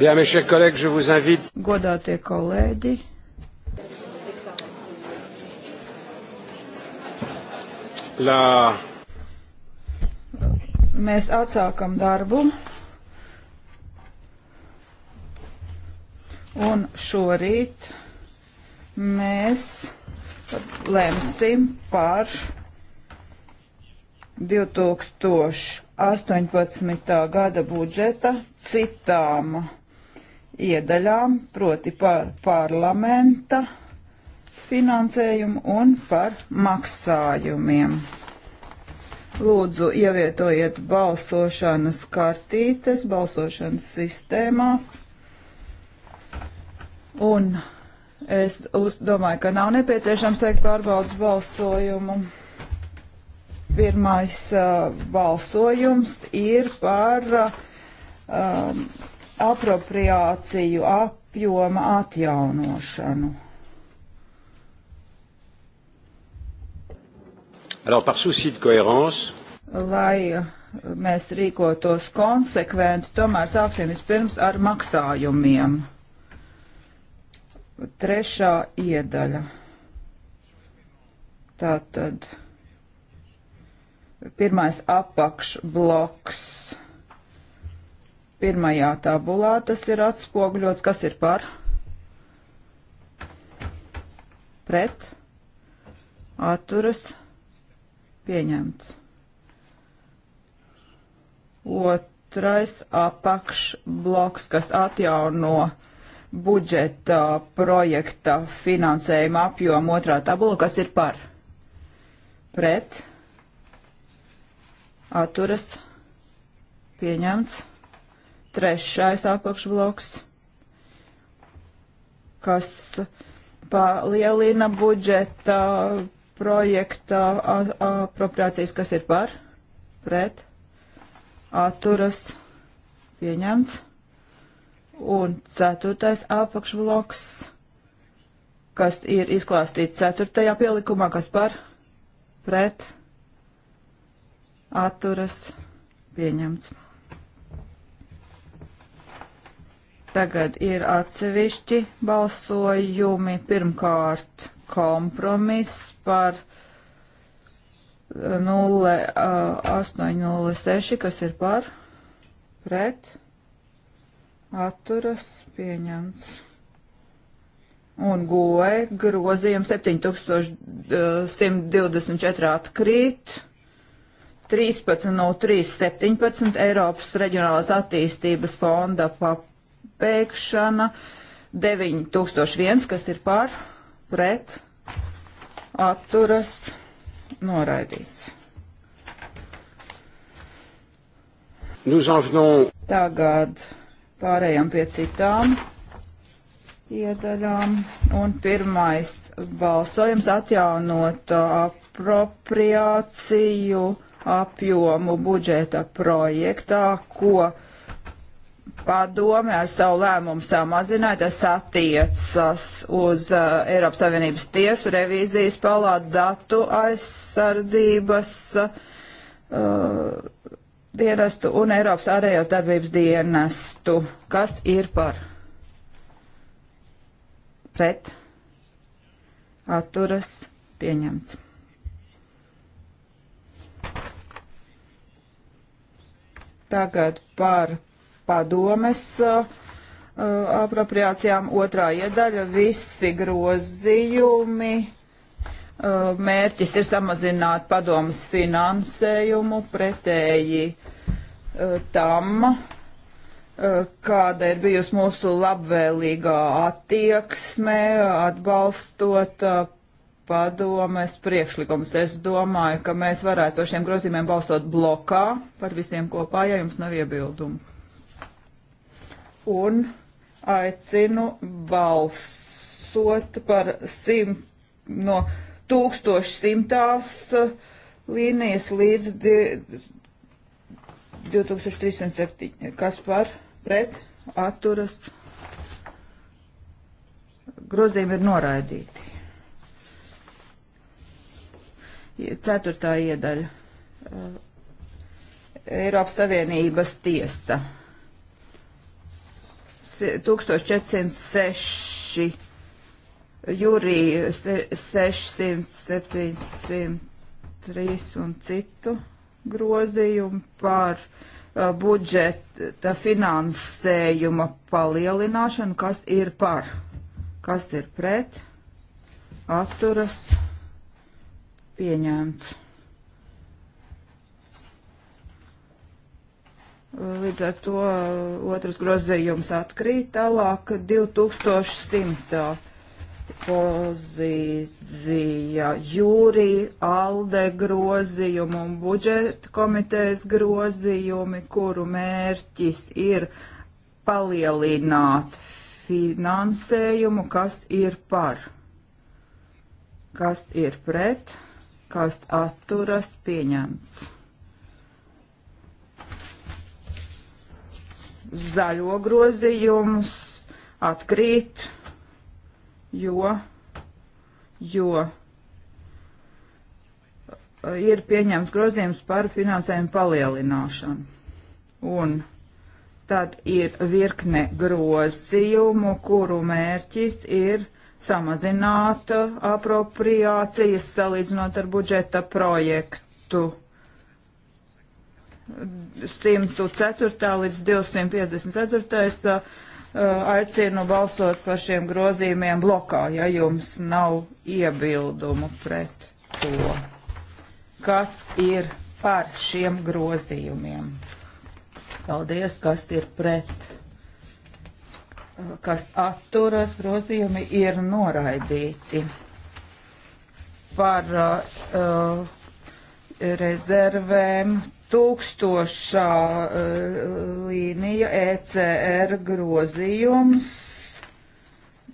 Bien, mes chers collègues, je vous invite. Godātie kolēģi. La... Mēs atsākam darbu. Un šorīt mēs lemsim par 2018. gada budžeta citām iedaļām, proti par parlamenta finansējumu un par maksājumiem. Lūdzu, ievietojiet balsošanas kartītes, balsošanas sistēmās. Un es domāju, ka nav nepieciešams veikt pārbaudas balsojumu. Pirmais uh, balsojums ir par uh, um, apropriāciju apjoma atjaunošanu. Alors, par souci de cohérence, lai uh, mēs rīkotos konsekventi, tomēr sāksim vispirms ar maksājumiem. Trešā iedaļa. Tātad pirmais apakšbloks. bloks Pirmajā tabulā tas ir atspoguļots, kas ir par, pret, atturas, pieņemts. Otrais apakšbloks, kas atjauno budžeta projekta finansējuma apjomu otrā tabula, kas ir par, pret, atturas, pieņemts trešais apakšbloks, kas palielina budžeta projekta apropriācijas, kas ir par, pret, atturas, pieņemts. Un ceturtais apakšbloks, kas ir izklāstīts ceturtajā pielikumā, kas par, pret, atturas, pieņemts. Tagad ir atsevišķi balsojumi. Pirmkārt, kompromiss par 0806, eh, eh, kas ir par, pret, atturas, pieņemts. Un goe grozījums 7124 atkrīt. 13 no 3 17 Eiropas reģionālās attīstības fonda pap pabeigšana 9001, kas ir par, pret, atturas, noraidīts. Tagad pārējām pie citām iedaļām. Un pirmais balsojums atjaunot apropriāciju apjomu budžeta projektā, ko padome ar savu lēmumu samazināja, tas attiecas uz uh, Eiropas Savienības tiesu revīzijas palātu datu aizsardzības uh, dienestu un Eiropas ārējās darbības dienestu. Kas ir par? Pret? Atturas? Pieņemts. Tagad par padomes uh, uh, apropriācijām. Otrā iedaļa - visi grozījumi. Uh, mērķis ir samazināt padomas finansējumu pretēji tam, kāda ir bijusi mūsu labvēlīgā attieksme atbalstot padomes priekšlikums. Es domāju, ka mēs varētu par šiem grozījumiem balsot blokā par visiem kopā, ja jums nav iebildumu un aicinu balsot par simt, no 1100 uh, līnijas līdz 2307. Kas par pret atturas grozījumi ir noraidīti. Ceturtā iedaļa. Uh, Eiropas Savienības tiesa. 1406, Jurī 600, 703 un citu grozījumu par uh, budžeta finansējuma palielināšanu, kas ir par, kas ir pret, atturas, pieņemts. Līdz ar to uh, otrs grozījums atkrīt tālāk 2100 pozīcija jūrī, alde grozījumu un budžeta komitejas grozījumi, kuru mērķis ir palielināt finansējumu, kas ir par, kas ir pret, kas atturas pieņemts. zaļo grozījums atkrīt, jo, jo e, ir pieņemts grozījums par finansējumu palielināšanu. Un tad ir virkne grozījumu, kuru mērķis ir samazināt apropriācijas salīdzinot ar budžeta projektu 104. līdz 254. Uh, uh, aicinu balsot par šiem grozījumiem blokā, ja jums nav iebildumu pret to, kas ir par šiem grozījumiem. Paldies, kas ir pret, kas atturas, grozījumi ir noraidīti par uh, uh rezervēm tūkstošā eh, līnija ECR grozījums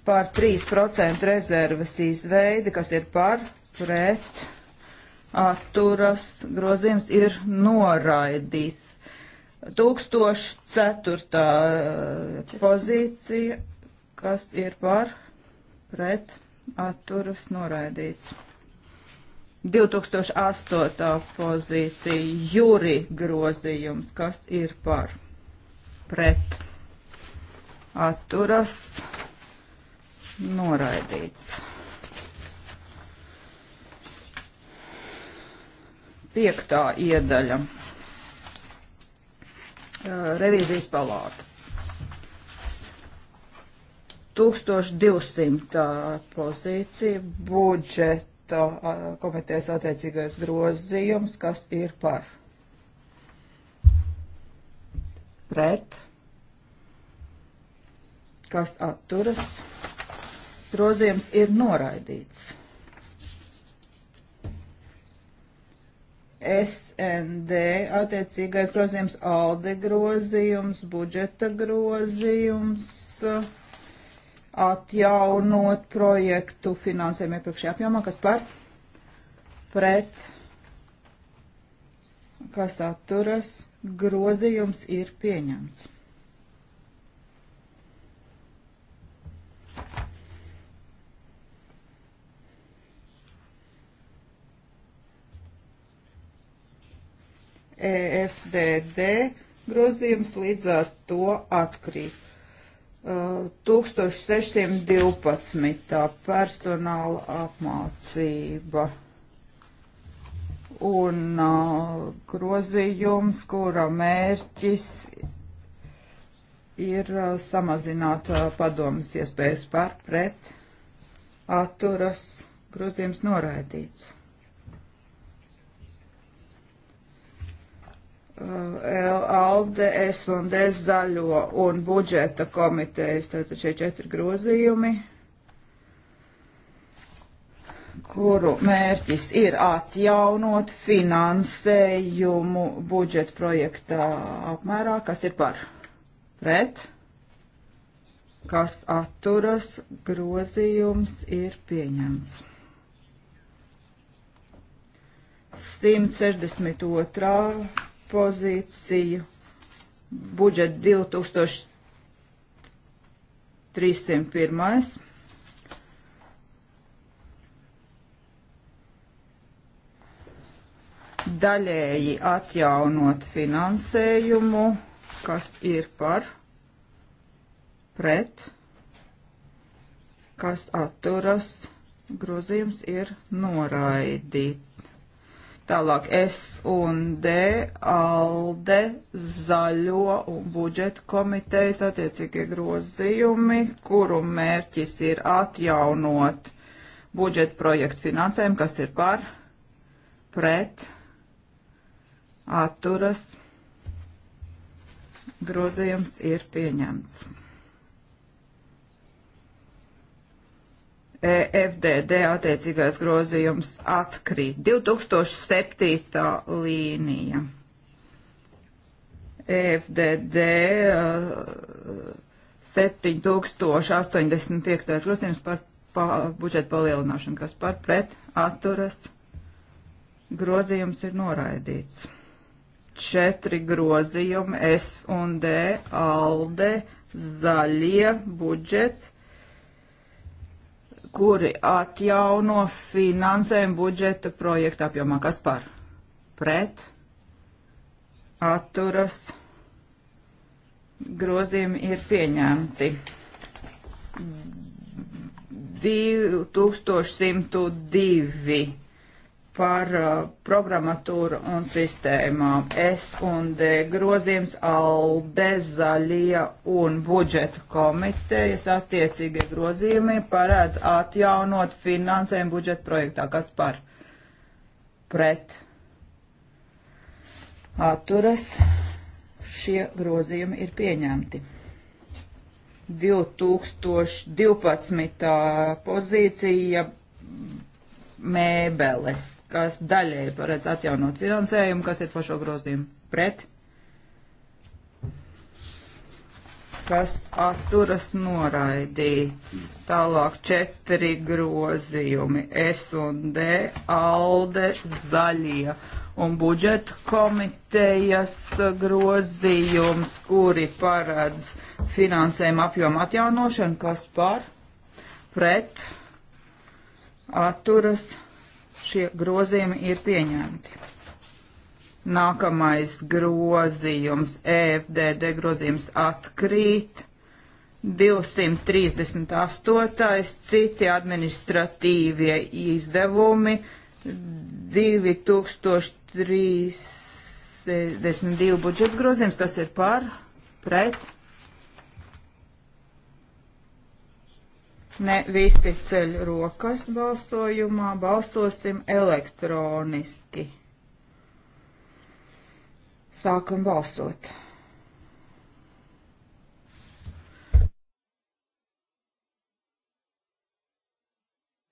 par 3% rezerves izveidi, kas ir par pret atturas grozījums ir noraidīts. 1004. Eh, pozīcija, kas ir par pret atturas noraidīts. 2008. pozīcija jūri grozījums, kas ir par pret atturas noraidīts. Piektā iedaļa. Revīzijas palāta. 1200 pozīcija budžeta budžeta komitejas attiecīgais grozījums, kas ir par pret, kas atturas. Grozījums ir noraidīts. SND attiecīgais grozījums, ALDE grozījums, budžeta grozījums. Uh, atjaunot projektu finansējumu iepriekšējā apjomā, kas par pret, kas atturas, grozījums ir pieņemts. EFDD grozījums līdz ar to atkrīt. 1612. personāla apmācība un uh, grozījums, kura mērķis ir uh, samazināt uh, padomas iespējas par pret atturas grozījums noraidīts. ALDE, S un D zaļo un budžeta komitejas, tātad šie četri grozījumi, kuru mērķis ir atjaunot finansējumu budžeta projektā apmērā, kas ir par pret, kas atturas, grozījums ir pieņemts. 162 pozīciju budžeta 2301. Daļēji atjaunot finansējumu, kas ir par pret, kas atturas, grozījums ir noraidīts. Tālāk S un D, ALDE, Zaļo un budžeta komitejas attiecīgie grozījumi, kuru mērķis ir atjaunot budžeta projektu finansējumu, kas ir par, pret, atturas. Grozījums ir pieņemts. E FDD attiecīgais grozījums atkrīt. 2007. līnija. E FDD 7085. Uh, grozījums par pa, budžeta palielināšanu, kas par pret atturas grozījums ir noraidīts. Četri grozījumi S un D, ALDE, zaļie budžets kuri atjauno finansējumu budžeta projekta apjomā. Kas par? Pret, atturas, grozījumi ir pieņemti. 2102 par uh, programmatūru un sistēmām. S un D grozījums ALDE zaļie un budžeta komitejas attiecīgie grozījumi parēdz atjaunot finansējumu budžeta projektā. Kas par? Pret. Atturas. Šie grozījumi ir pieņemti. 2012. pozīcija mēbeles kas daļēji paredz atjaunot finansējumu, kas ir par šo grozījumu pret, kas atturas noraidīts. Tālāk četri grozījumi S un D, ALDE, zaļie un budžeta komitejas grozījums, kuri paredz finansējumu apjomu atjaunošanu, kas par pret atturas noraidīts Šie grozījumi ir pieņemti. Nākamais grozījums, EFDD grozījums atkrīt. 238. citi administratīvie izdevumi 2032 budžeta grozījums, kas ir par, pret, Ne visi ceļ rokas balsojumā, balsosim elektroniski. Sākam balsot.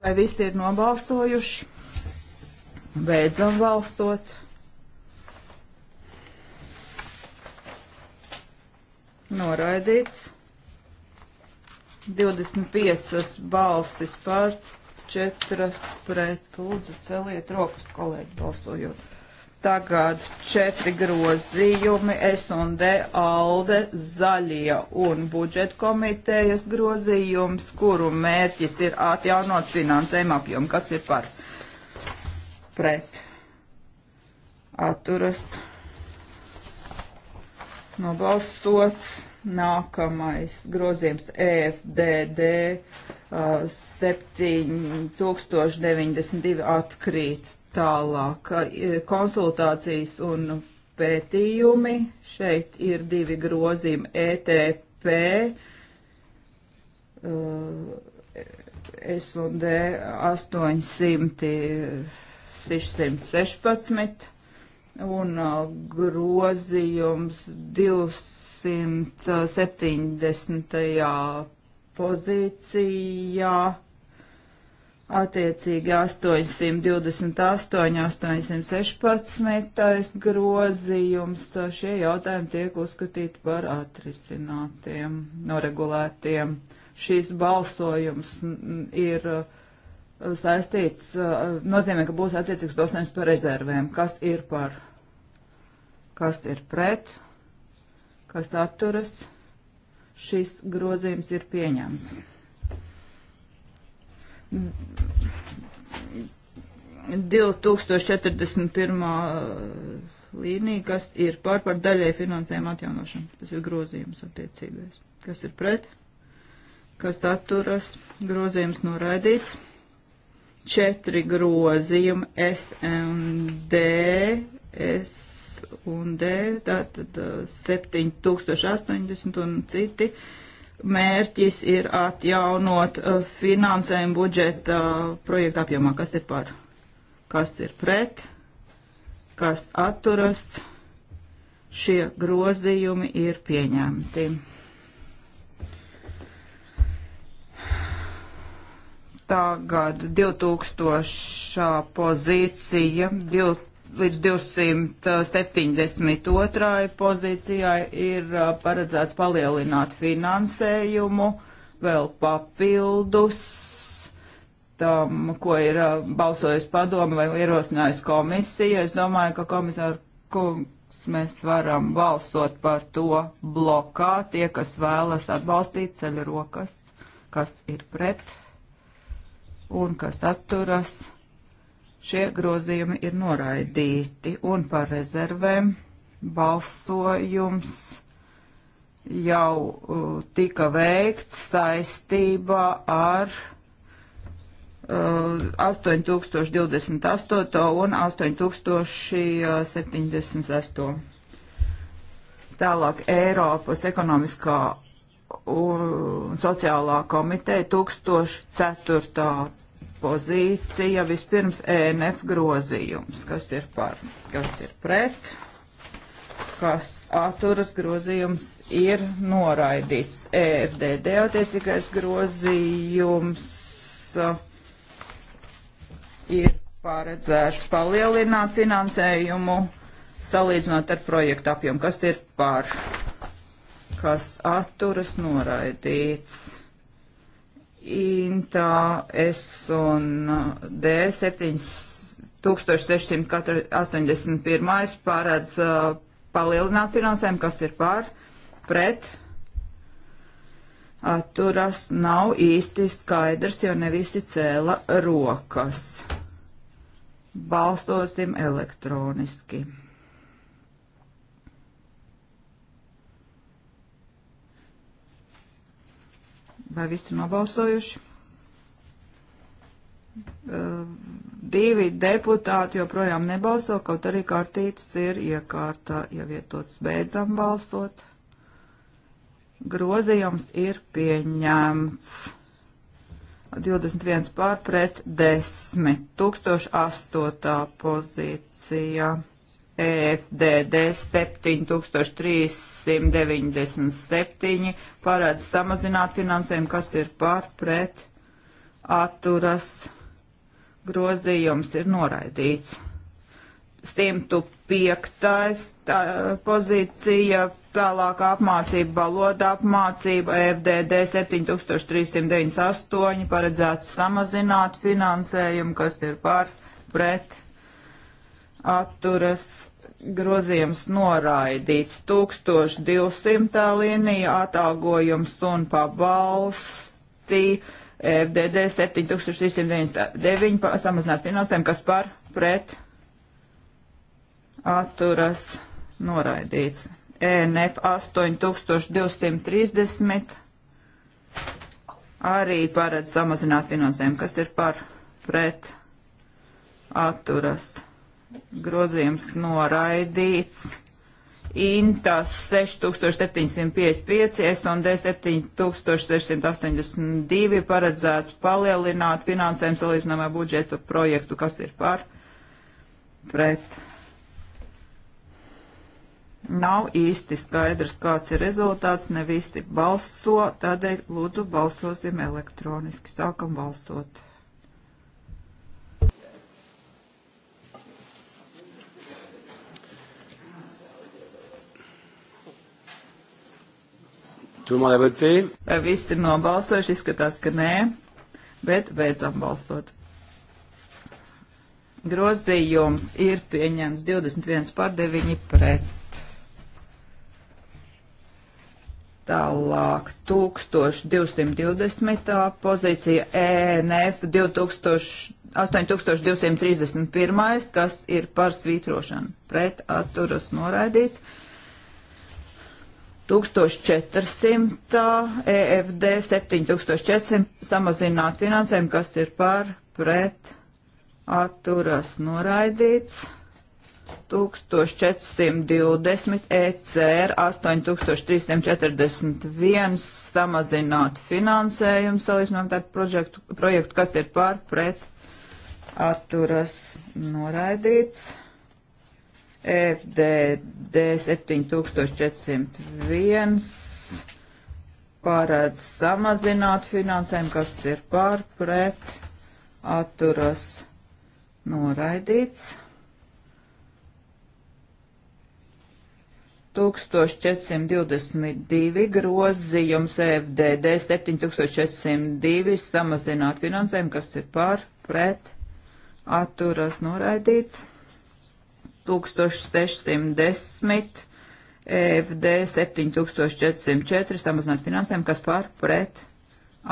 Vai visi ir nobalsojuši? Beidzam balsot. Noraidīts. 25 balsis par, 4 pret. Lūdzu, celiet rokas, kolēģi, balsojot. Tagad četri grozījumi S&D, ALDE, Zaļie un budžeta komitejas grozījums, kuru mērķis ir atjaunot finansējuma apjomu. Kas ir par? Pret. Atturas. Nobalsots Nākamais grozījums EFDD uh, 7092 atkrīt tālāk. Uh, konsultācijas un pētījumi. Šeit ir divi grozījumi ETP. Uh, S&D 800, 616 un uh, grozījums 200. 170. pozīcijā attiecīgi 828, 816 grozījums. Šie jautājumi tiek uzskatīti par atrisinātiem, noregulētiem. Šīs balsojums ir uh, saistīts, uh, nozīmē, ka būs attiecīgs balsojums par rezervēm. Kas ir par, kas ir pret? kas atturas, šis grozījums ir pieņemts. 2041. Uh, līnija, kas ir pār par daļai finansējumu atjaunošanu. Tas ir grozījums attiecīgais. Kas ir pret? Kas atturas? Grozījums noraidīts. Četri grozījumi SMD, S un D, tātad 7080 uh, un citi. Mērķis ir atjaunot uh, finansējumu budžeta projektu apjomā. Kas ir par? Kas ir pret? Kas atturas? Šie grozījumi ir pieņemti. tagad 2000 pozīcija, 2000 līdz 272. pozīcijai ir uh, paredzēts palielināt finansējumu vēl papildus tam, ko ir uh, balsojis padomu vai ierosinājis komisija. Es domāju, ka komisāra kungs mēs varam balsot par to blokā. Tie, kas vēlas atbalstīt ceļu rokas, kas ir pret un kas atturas Šie grozījumi ir noraidīti un par rezervēm balsojums jau uh, tika veikts saistībā ar uh, 8028 un 8078. Tālāk Eiropas ekonomiskā un sociālā komiteja 1004 pozīcija. Vispirms ENF grozījums. Kas ir par? Kas ir pret? Kas atturas grozījums ir noraidīts? EFDD attiecīgais grozījums uh, ir paredzēts palielināt finansējumu salīdzinot ar projektu apjomu. Kas ir par? Kas atturas noraidīts? Intā S un D 7681 pārēdz uh, palielināt finansējumu, kas ir pār, pret, atturas nav īsti skaidrs, jo ne visi cēla rokas. Balstosim elektroniski. Vai visi nobalsojuši? Divi deputāti joprojām nebalso, kaut arī kārtītas ir iekārtā ievietotas. Beidzam balsot. Grozījums ir pieņemts. 21 pār pret 10. 1008. pozīcija. EFDD 7397 parāds samazināt finansējumu, kas ir pār pret atturas grozījums ir noraidīts. 105. Tā, pozīcija, tālāk apmācība, valoda apmācība, FDD e 7398 paredzēts samazināt finansējumu, kas ir pār pret atturas grozījums noraidīts. 1200. līnija atalgojums un pabalsti FDD 7399 samazināt finansēm, kas par pret atturas noraidīts. ENF 8230 arī paredz samazināt finansēm, kas ir par pret atturas noraidīts grozījums noraidīts. Intas 6755 S&D 7682 paredzēts palielināt finansējumu salīdzinājumā budžeta projektu, kas ir par pret. Nav īsti skaidrs, kāds ir rezultāts, ne visi balso, tādēļ lūdzu balsosim elektroniski. Sākam balsot. Vai viss ir nobalsojuši? Izskatās, ka nē, bet beidzam balsot. Grozījums ir pieņemts 21 pār 9 pret. Tālāk 1220. pozīcija ENF 2000. 8231, kas ir par svītrošanu. Pret atturas noraidīts. 1400, EFD 7400 samazināt finansējumu, kas ir par pret atturas noraidīts. 1420 ECR 8341 samazināt finansējumu salīdzinot ar projektu, projektu, kas ir pār pret atturas noraidīts. FDD 7401 pārēdz samazināt finansēm, kas ir pār pret, atturas noraidīts. 1422 grozījums FDD 7402 samazināt finansēm, kas ir pār pret, atturas noraidīts. 1610, EFD 7404, samazināt finansēm, kas pār pret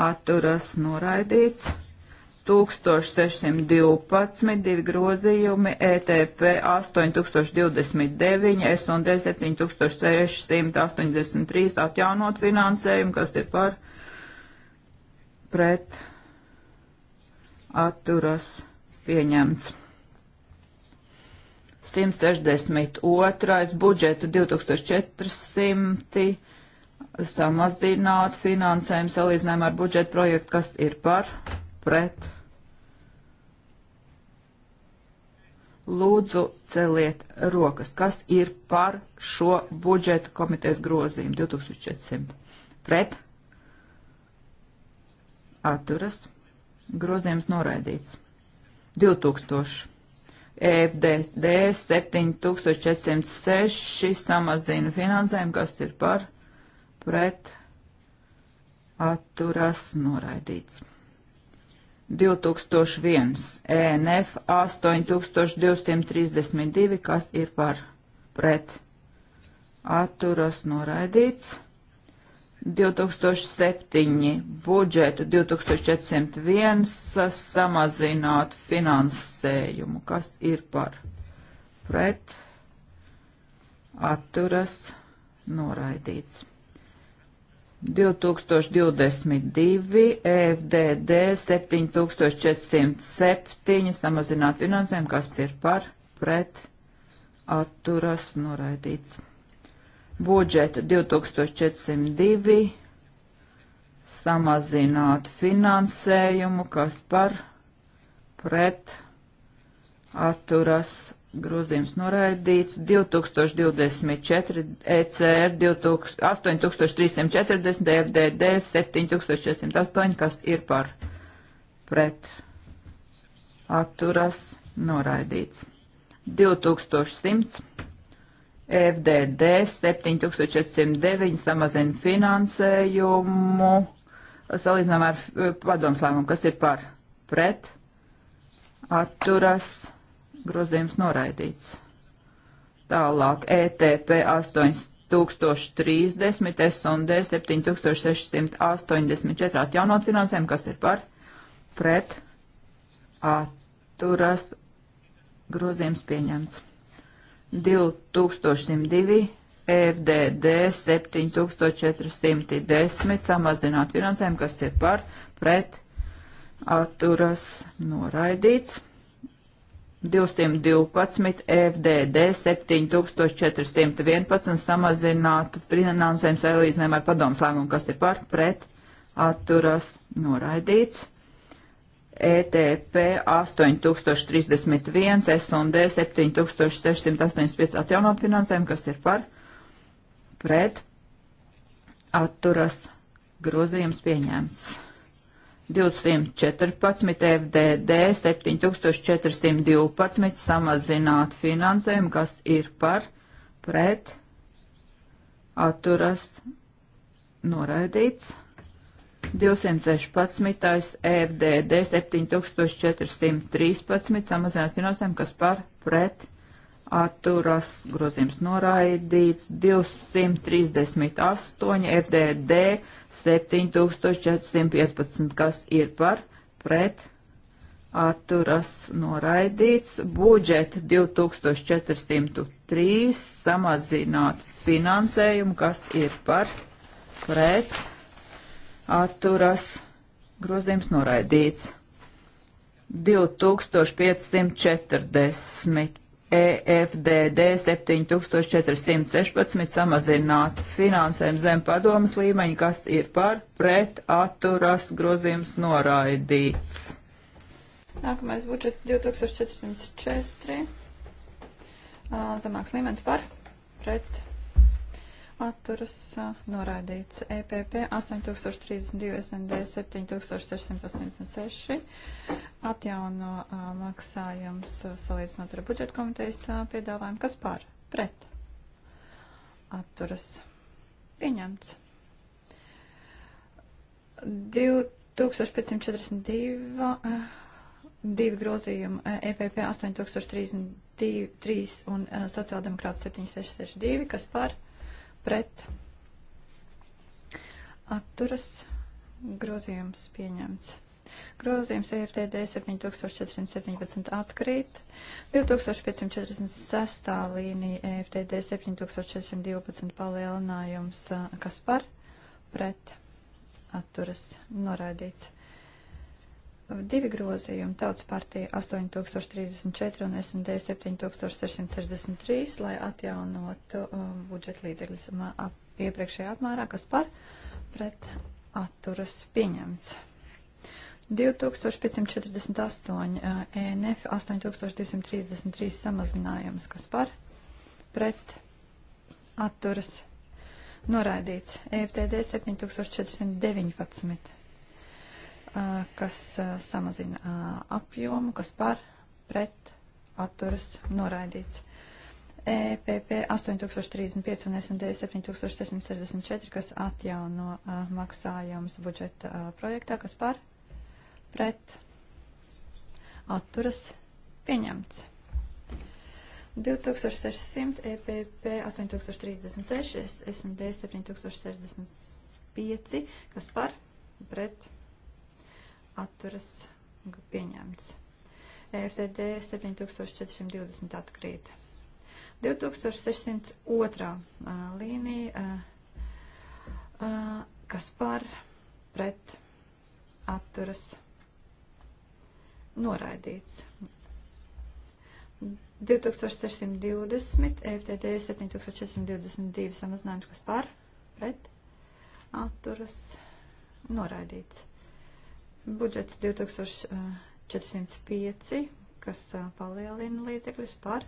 atturas noraidīts. 1612, divi grozījumi, ETP 8029, S&D 7683 atjaunot finansējumu, kas ir par pret atturas pieņemts. 162. budžetu 2400 samazināt finansējumu salīdzinājumu ar budžetu projektu, kas ir par, pret. Lūdzu, celiet rokas, kas ir par šo budžeta komitejas grozījumu 2400. Pret. Atturas. Grozījums noraidīts. 2000 EFDD 7406 samazina finansējumu, kas ir par pret atturas noraidīts. 2001 ENF 8232, kas ir par pret atturas noraidīts. 2007 budžeta 2401 samazināt finansējumu. Kas ir par pret? Atturas noraidīts. 2022 FDD 7407 samazināt finansējumu. Kas ir par pret? Atturas noraidīts budžeta 2402 samazināt finansējumu, kas par pret atturas grozījums noraidīts 2024 ECR 2000, 8340 FDD 7608, kas ir par pret atturas noraidīts. 2100 FDD 7409 samazina finansējumu salīdzinām ar eh, padomus lēmumu, kas ir par pret, atturas, grozījums noraidīts. Tālāk ETP 8030, S&D 7684 atjaunot finansējumu, kas ir par pret, atturas, grozījums pieņemts. 2102 FDD 7410 samazināt finansējumu, kas ir par pret atturas noraidīts. 212 FDD 7411 samazinātu finansējumu salīdzinājumu ar padomus lēmumu, kas ir par pret atturas noraidīts. ETP 8031, S&D 7685 atjaunot finansējumu, kas ir par pret atturas grozījums pieņēmts. 214 FDD 7412 samazināt finansējumu, kas ir par pret atturas noraidīts. 216. FDD 7413 samazināt finansējumu, kas par pret atturas grozījums noraidīts 238 FDD 7415, kas ir par pret atturas noraidīts budžeta 2403 samazināt finansējumu, kas ir par pret atturas atturas grozījums noraidīts. 2540 EFDD 7416 samazināt finansēm zem padomas līmeņa, kas ir par pret atturas grozījums noraidīts. Nākamais budžets 2404. Zemāks līmenis par pret atturas noraidīts. EPP 8032, SND 7686, atjauno maksājums salīdzinot ar budžeta komitejas piedāvājumu. Kas pār? Pret. Atturas. Pieņemts. 2542, divi grozījumi EPP 8032 un sociāldemokrāta 7662, kas pār? pret atturas grozījums pieņemts. Grozījums EFTD 7417 atkrīt, 2546. līnija EFTD 7412 palielinājums, kas par pret atturas noraidīts divi grozījumi Tautas partija 8034 un SND 7663, lai atjaunotu uh, budžeta līdzekļus ap, iepriekšējā apmērā, kas par pret atturas pieņemts. 2548 uh, ENF 8233 samazinājums, kas par pret atturas noraidīts. EFTD 7419 kas samazina apjomu, kas par pret atturas noraidīts. EPP 8035 un SND 7664, kas atjauno maksājums budžeta projektā, kas par pret atturas pieņemts. 2600, EPP 8036, SND 7065, kas par pret atturas pieņemts. EFTD 7420 atkrīt. 2602 līnija, kas par pret atturas noraidīts. 2620, FTD 7422 samazinājums, kas par pret atturas noraidīts. Budžets 2405, kas palielina līdzekļus par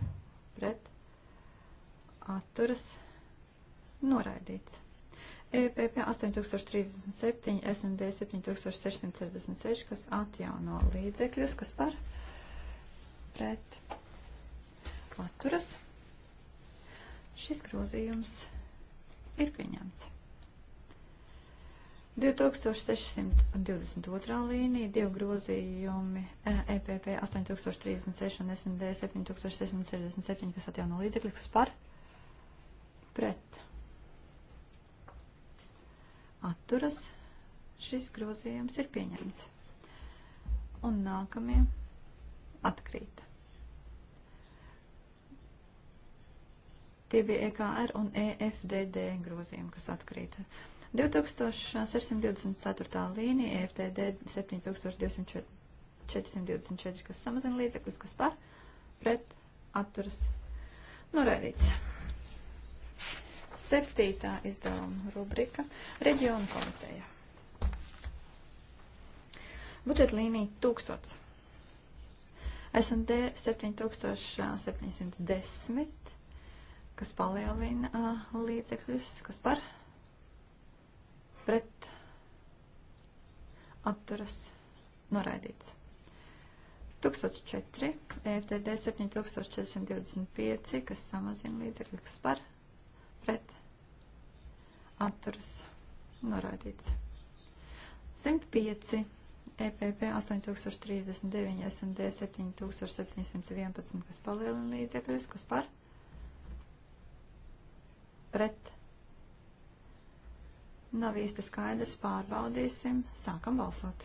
pret atturas noraidīts. EPP 8037, SMD 7666, kas atjauno līdzekļus, kas par pret atturas. Šis grozījums ir pieņemts. 2622. līnija, divi grozījumi, EPP e 8036 un SND 7767, kas atjauno līdzekļus, kas par pret atturas. Šis grozījums ir pieņemts. Un nākamie atkrīt. Tie bija EKR un EFDD grozījumi, kas atkrīt. 2624. līnija, EFTD 7424, kas samazina līdzekļus, kas par, pret, atturas, noraidīts. Septītā izdevuma rubrika - reģiona komiteja. Budžeta līnija 1000. S&D 7710, kas palielina līdzekļus, kas par, pret atturas noraidīts. 1004, EFTD 7425, kas samazina līdzekļus, kas par pret atturas noraidīts. 105, EPP 8039, SND 7711, kas palielina līdzekļus, kas par pret Nav īsti skaidrs, pārbaudīsim. Sākam balsot.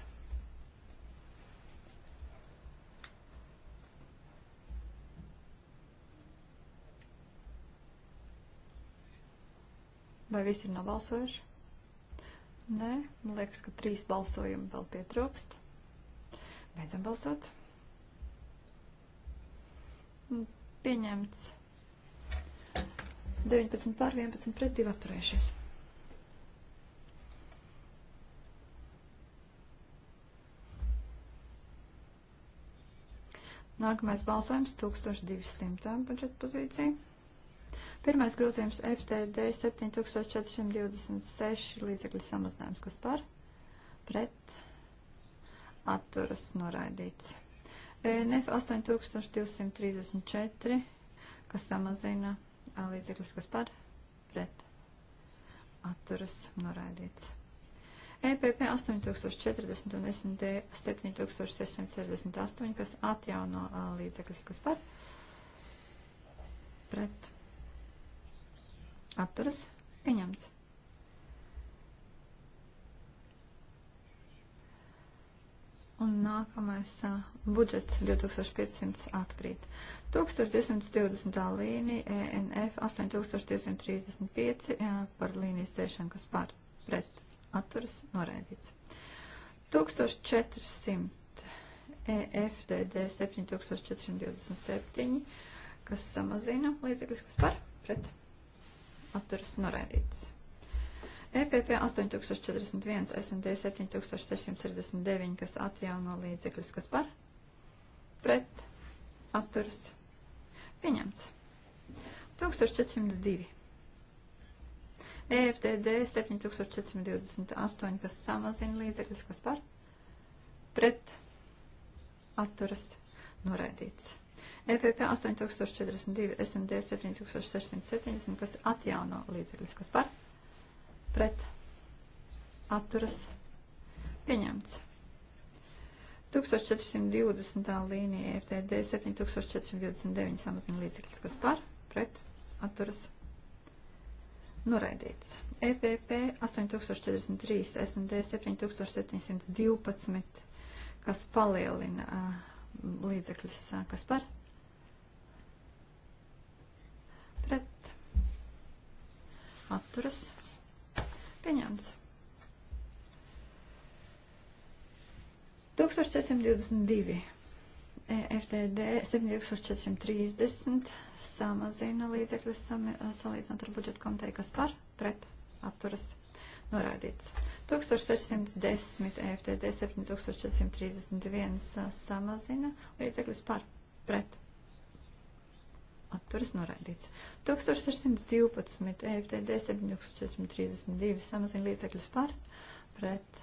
Vai visi ir nobalsojuši? Nē, man liekas, ka trīs balsojumi vēl pietrūkst. Beidzam balsot. Pieņemts 19 pār 11 pret 2 atturējušies. Nākamais balsojums 1200 budžeta pozīcija. Pirmais grozījums FTD 7426 līdzekļu samazinājums, kas par pret atturas noraidīts. ENF 8234, kas samazina līdzekļus, kas par pret atturas noraidīts. EPP 8040 un SND 7668, kas atjauno līdzekļus, kas par pret atturas pieņemts. Un nākamais a, budžets 2500 atkrīt. 1220. līnija ENF 8235 a, par līnijas dzēšanu, kas par pret atturas noraidīts. 1400 EFDD 7427, kas samazina līdzekļus, kas par pret atturas noraidīts. EPP 8041, SMD 7669, kas atjauno līdzekļus, kas par pret atturas pieņemts. 1402. EFTD 7428, kas samazina līdzekļus, kas par pret atturas noraidīts. EPP 8042, SND 7670, kas atjauno līdzekļus, kas par pret atturas pieņemts. 1420. līnija e FTD 7429 samazina līdzekļus, kas par pret atturas pieņemts Noraidīts. EPP 8043, SMD 7712, kas palielina uh, līdzekļus, uh, kas par pret atturas pieņemts. 1422 E FTD 7430 samazina līdzekļus salīdzinot ar budžetu komiteju, kas par pret atturas norādīts. 1610 FTD 7431 samazina līdzekļus par pret atturas norādīts. 1612 EFTD 7432 samazina līdzekļus par pret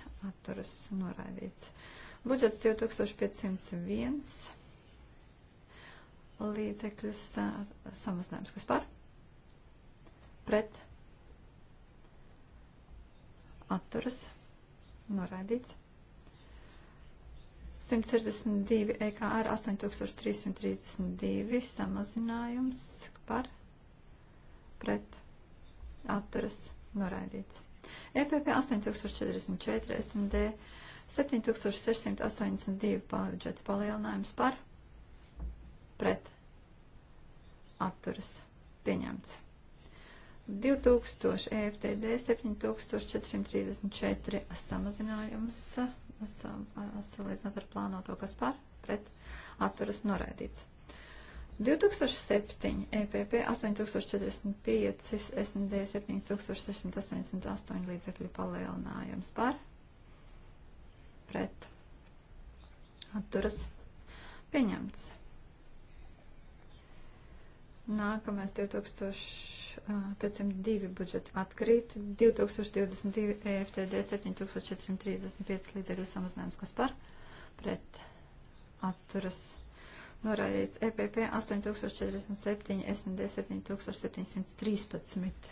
atturas norādīts. Budžets 2501 līdzekļus samazinājums. Kas par? Pret. Atturas. Noraidīts. 162 EKR 8332 samazinājums par pret atturas noraidīts. EPP 8044 SMD 7682 pārbudžeta palielinājums par pret atturas pieņemts. 2000 EFTD 7434 samazinājums salīdzinot ar plānoto, kas par pret atturas noraidīts. 2007 EPP 8045 SND 7688 līdzekļu palielinājums par pret atturas pieņemts. Nākamais 2502 budžeti atkrīt, 2022 EFTD 7435 līdzekļu samazinājums, kas par pret atturas noraidīts EPP 8047, SND 7713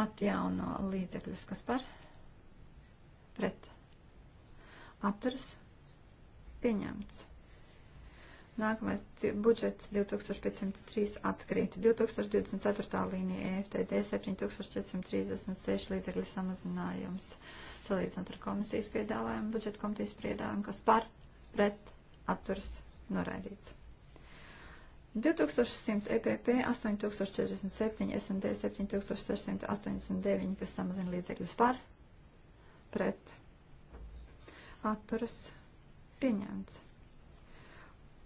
atjauno līdzekļus, kas par pret atturas pieņemts. Nākamais budžets 2503 atkrīt. 2024. līnija EFTD 7436 līdzekļu samazinājums salīdzinot ar komisijas piedāvājumu, budžeta komitejas piedāvājumu, kas par pret atturas noraidīts. 2100 EPP 8047 SND 7689, kas samazina līdzekļus par pret atturas pieņemts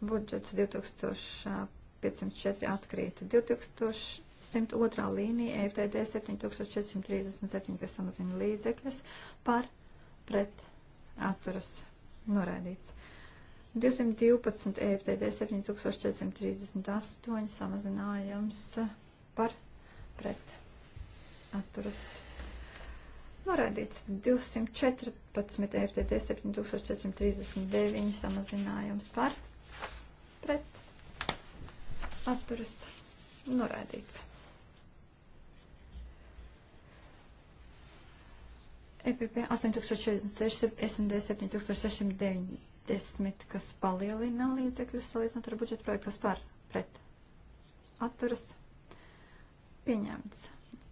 budžets 2504 atkrīt. 2102. līnija EFTD 7437, kas samazina līdzekļus par pret atturas noraidīts. 212 EFTD 7438 samazinājums par pret atturas noraidīts. 214 EFTD 7439 samazinājums par pret pret atturas noraidīts. EPP 8046, SND 7690, kas palielina līdzekļus salīdzinot ar budžeta projektu, kas par pret atturas pieņemts.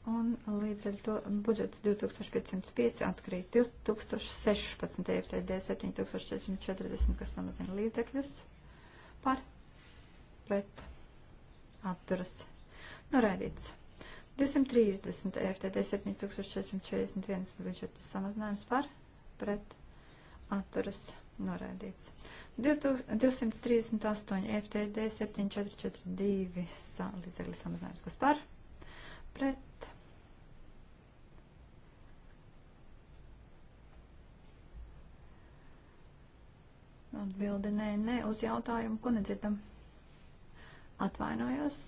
Un līdz ar to budžets 2505 atkrīt 2016 EFTD 7440, kas samazina līdzekļus par pret atturas norēdīts. 230 FTD 7441 budžeta samazinājums par pret atturas norēdīts. 238 FTD 7442 līdzekļu samazinājums, kas par pret Atbildi nē, nē, uz jautājumu, ko nedzirdam. Atvainojos.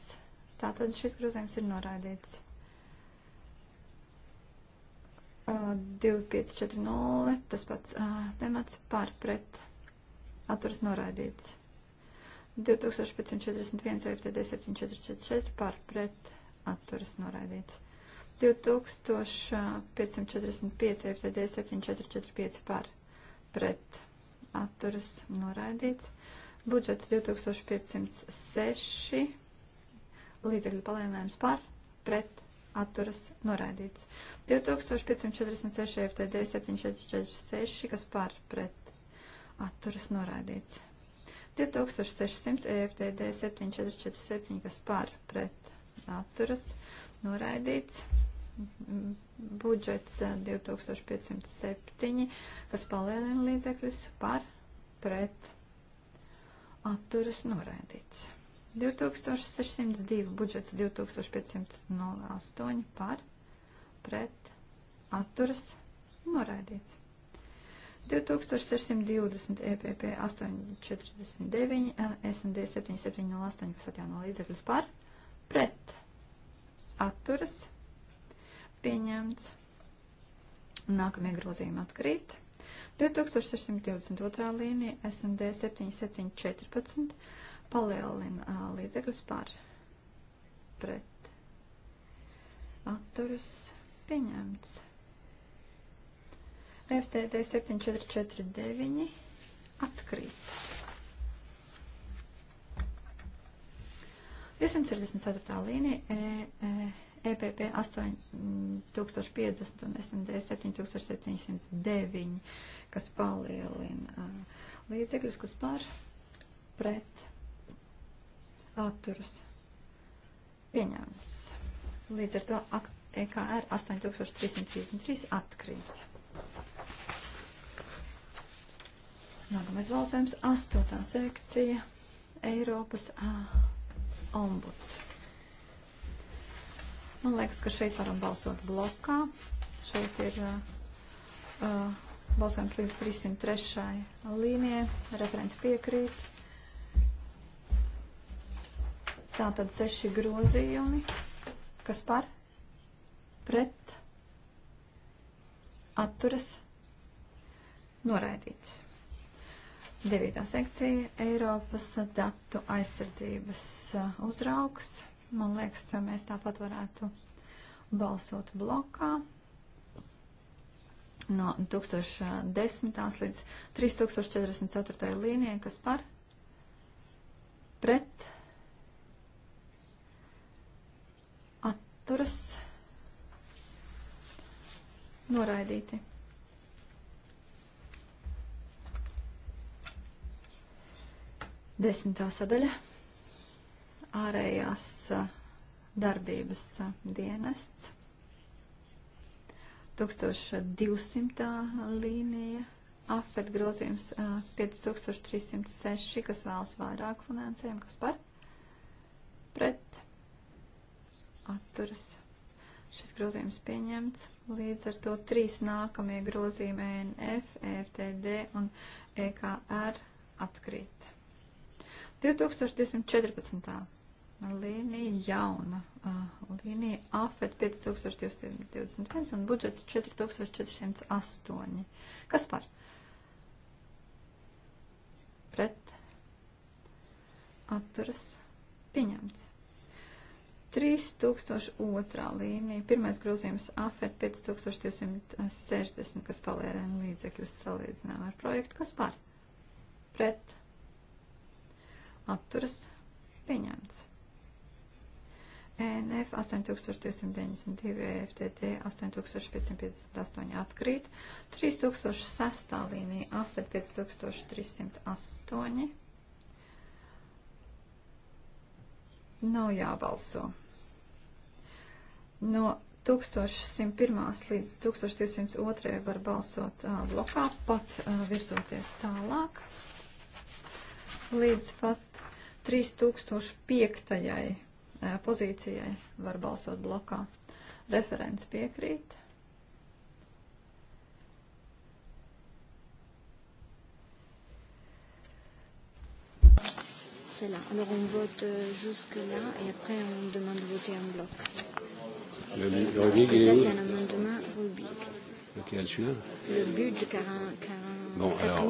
Tātad šis grozījums ir noraidīts. 2540, tas pats temats par pret. Atturs noraidīts. 2541, FTD 7444 par pret. Atturs noraidīts. 2545, FTD 7445 par pret atturas noraidīts. Budžets 2506 līdzekļu palielinājums par pret atturas noraidīts. 2546 FTD 7446, kas par pret atturas noraidīts. 2600 EFTD 7447, kas par pret atturas noraidīts budžets 2507, eh, kas palielina līdzekļus par pret atturas noraidīts. 2602 budžets 2508 par pret atturas noraidīts. 2620 EPP 849 SND 7708, kas atjauno līdzekļus par pret atturas noraidīts pieņemts. Nākamie grozījumi atkrīt. 2622. līnija SMD 7714 palielina līdzekļus par pret atturus pieņemts. FTD 7449 atkrīt. 264. līnija EE. E, e EPP 8050 un SND 7709, kas palielina līdzekļus, kas par pret atturas pieņemts. Līdz ar to EKR 8333 atkrīt. Nākamais balsojums - astotā sekcija Eiropas ombuds. Man liekas, ka šeit varam balsot blokā. Šeit ir uh, uh balsojums līdz 303. līnijai. Referents piekrīt. Tātad seši grozījumi. Kas par? Pret? Atturas? Noraidīts. Devītā sekcija - Eiropas datu aizsardzības uh, uzraugs. Man liekas, mēs tāpat varētu balsot blokā no 1010. līdz 3044. līnijai, kas par pret atturas noraidīti. Desmitā sadaļa ārējās darbības dienests. 1200. līnija, afet grozījums 5306, kas vēlas vairāk finansējumu, kas par pret atturas. Šis grozījums pieņemts, līdz ar to trīs nākamie grozījumi ENF, EFTD un EKR atkrīt. 2214 līnija jauna. Uh, līnija AFET 5221 un budžets 4408. Kas par? Pret. Atturas. Pieņemts. 3002. līnija, pirmais grozījums AFET 5260, kas palērēna līdzekļus salīdzinājumā ar projektu. Kas par? Pret. Atturas. Pieņemts. ENF 8292, FTT 8558 atkrīt, 3006 līnija AFED 5308. Nav jābalso. No 1101. līdz 1202. var balsot uh, blokā, pat uh, virzoties tālāk, līdz pat 3005 pozīcijai var balsot blokā. Referents piekrīt. celle-là. Alors on vote euh, jusque-là et après on demande de voter en bloc. Le, le Rubik, il est où Ça, c'est un amendement Rubik. Lequel, celui-là Le budget 40, 40. Bon, alors,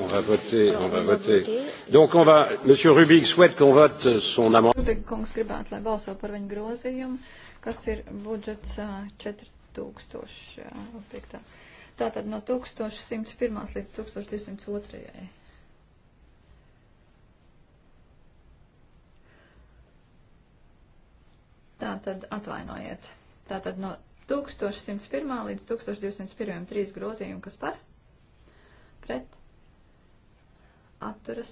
on va voter, on va voter. Donc, on va, Monsieur Rubik souhaite qu'on vote son amendement. Rubik kungs gribētu, lai balso par viņu grozījumu, kas ir budžets 4005. Tātad no 1101 līdz 1202. Tātad atvainojiet. Tātad no 1101 līdz 1201 trīs grozījumi, kas par? pret atturas.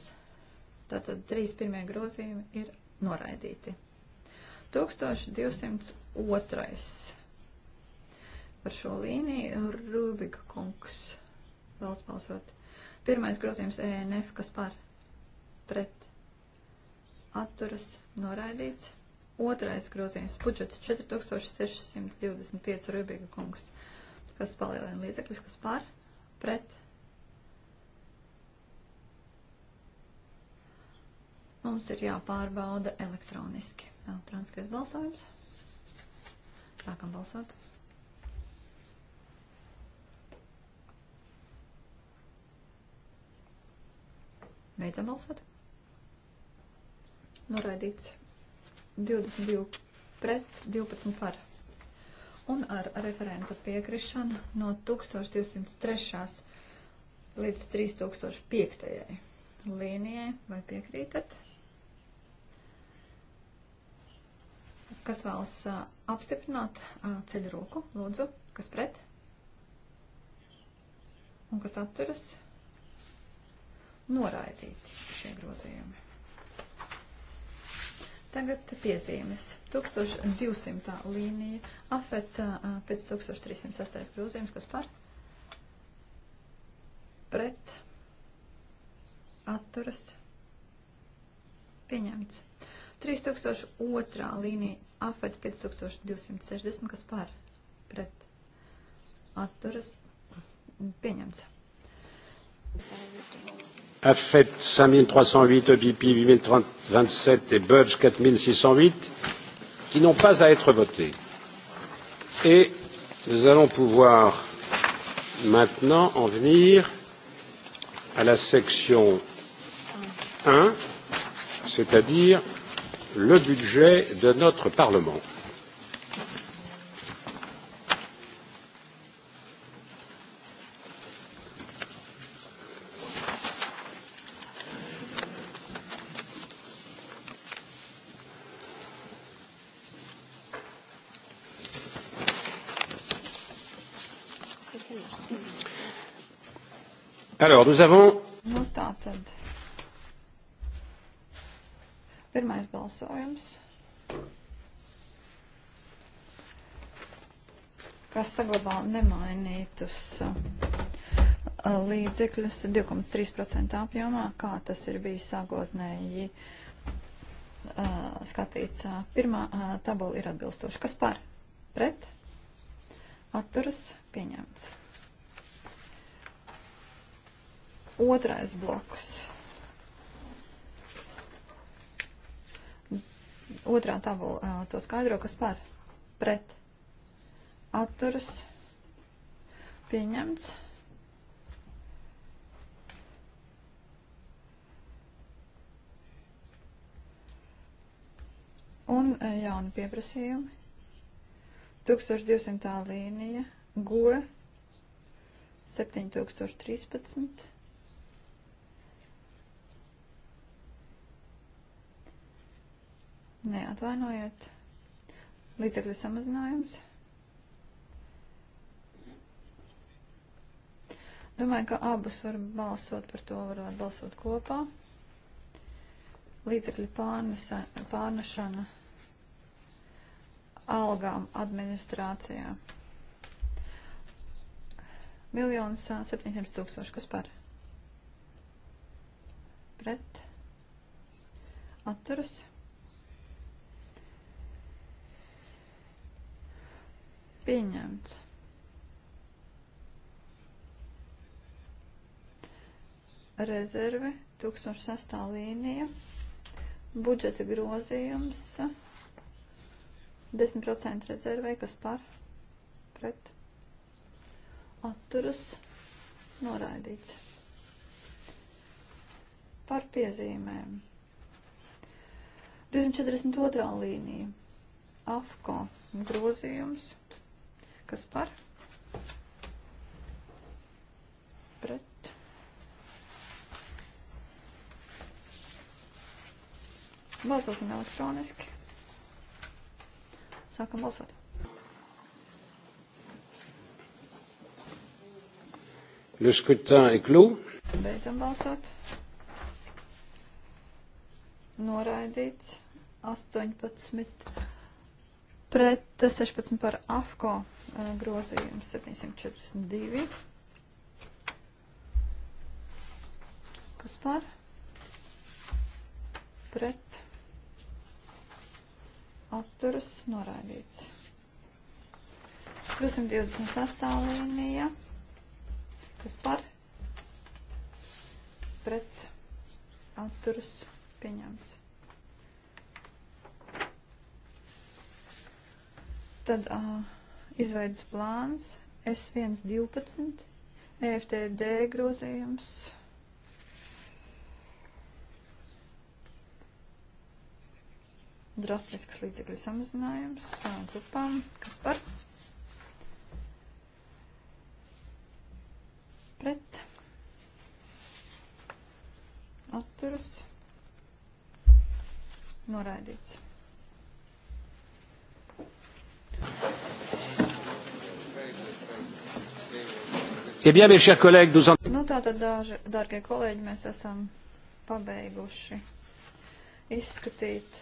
Tātad trīs pirmie grozījumi ir noraidīti. 1202. Par šo līniju Rubika kungs vēlas balsot. Pirmais grozījums ENF, kas par pret atturas noraidīts. Otrais grozījums budžets 4625 Rubika kungs, kas palielina līdzekļus, kas par pret atturas Mums ir jāpārbauda elektroniski. Elektroniskais balsojums. Sākam balsot. Beidzam balsot. Noraidīts 22 pret 12 par. Un ar referenta piekrišanu no 1203. līdz 3005. līnijai vai piekrītat? Kas vēlas apstiprināt ceļu roku? Lūdzu, kas pret? Un kas atturas? Noraidīti šie grozījumi. Tagad piezīmes. 1200. līnija. Afet pēc 1308. grozījums. Kas par? Pret. Atturas. Pieņemts. 3002. līnija afet 5260, kas par pret atturas pieņemts. Afet 5308, EBP 8027 et Budge 4608 qui n'ont pas à être votés. Et nous allons pouvoir maintenant en venir à la section 1, c'est-à-dire le budget de notre Parlement. Alors, nous avons balsojums. Kas saglabā nemainītus uh, līdzekļus 2,3% apjomā, kā tas ir bijis sākotnēji uh, skatīts. Uh, pirmā tabula ir atbilstoša. Kas par? Pret? Atturas pieņemts. Otrais bloks. Otrā tabula to skaidro, kas par pret atturas pieņemts. Un jauni pieprasījumi. 1200 līnija, go 7013. E, Neatvainojiet. Līdzekļu samazinājums. Domāju, ka abus var balsot par to, varētu balsot kopā. Līdzekļu pārnesa, pārnešana algām administrācijā. Miljonus 700 tūkstoši, kas par? Pret? Atturas? Pieņemts. Rezerve 1006. līnija. Budžeta grozījums 10% rezervē, kas par pret atturas noraidīts. Par piezīmēm. 242. līnija. AFCO grozījums 10%. Kas par? Pret. Balsosim elektroniski. Sākam balsot. Le scrutin est clos. Beidzam balsot. Noraidīts 18 pret 16 eh, par AFCO eh, grozījumu 742. Kas par? Pret atturas noraidīts. 228 līnija. Kas par? Pret atturas pieņemts. Tad uh, izveidas plāns S112, EFTD grozījums. Drastisks līdzekļu samazinājums grupām. Kas par? Pret. Atturas. Noraidīts. Eh bien, mes chers collègues, nous en... Nu, tātad, dārgi, dārgie kolēģi, mēs esam pabeiguši izskatīt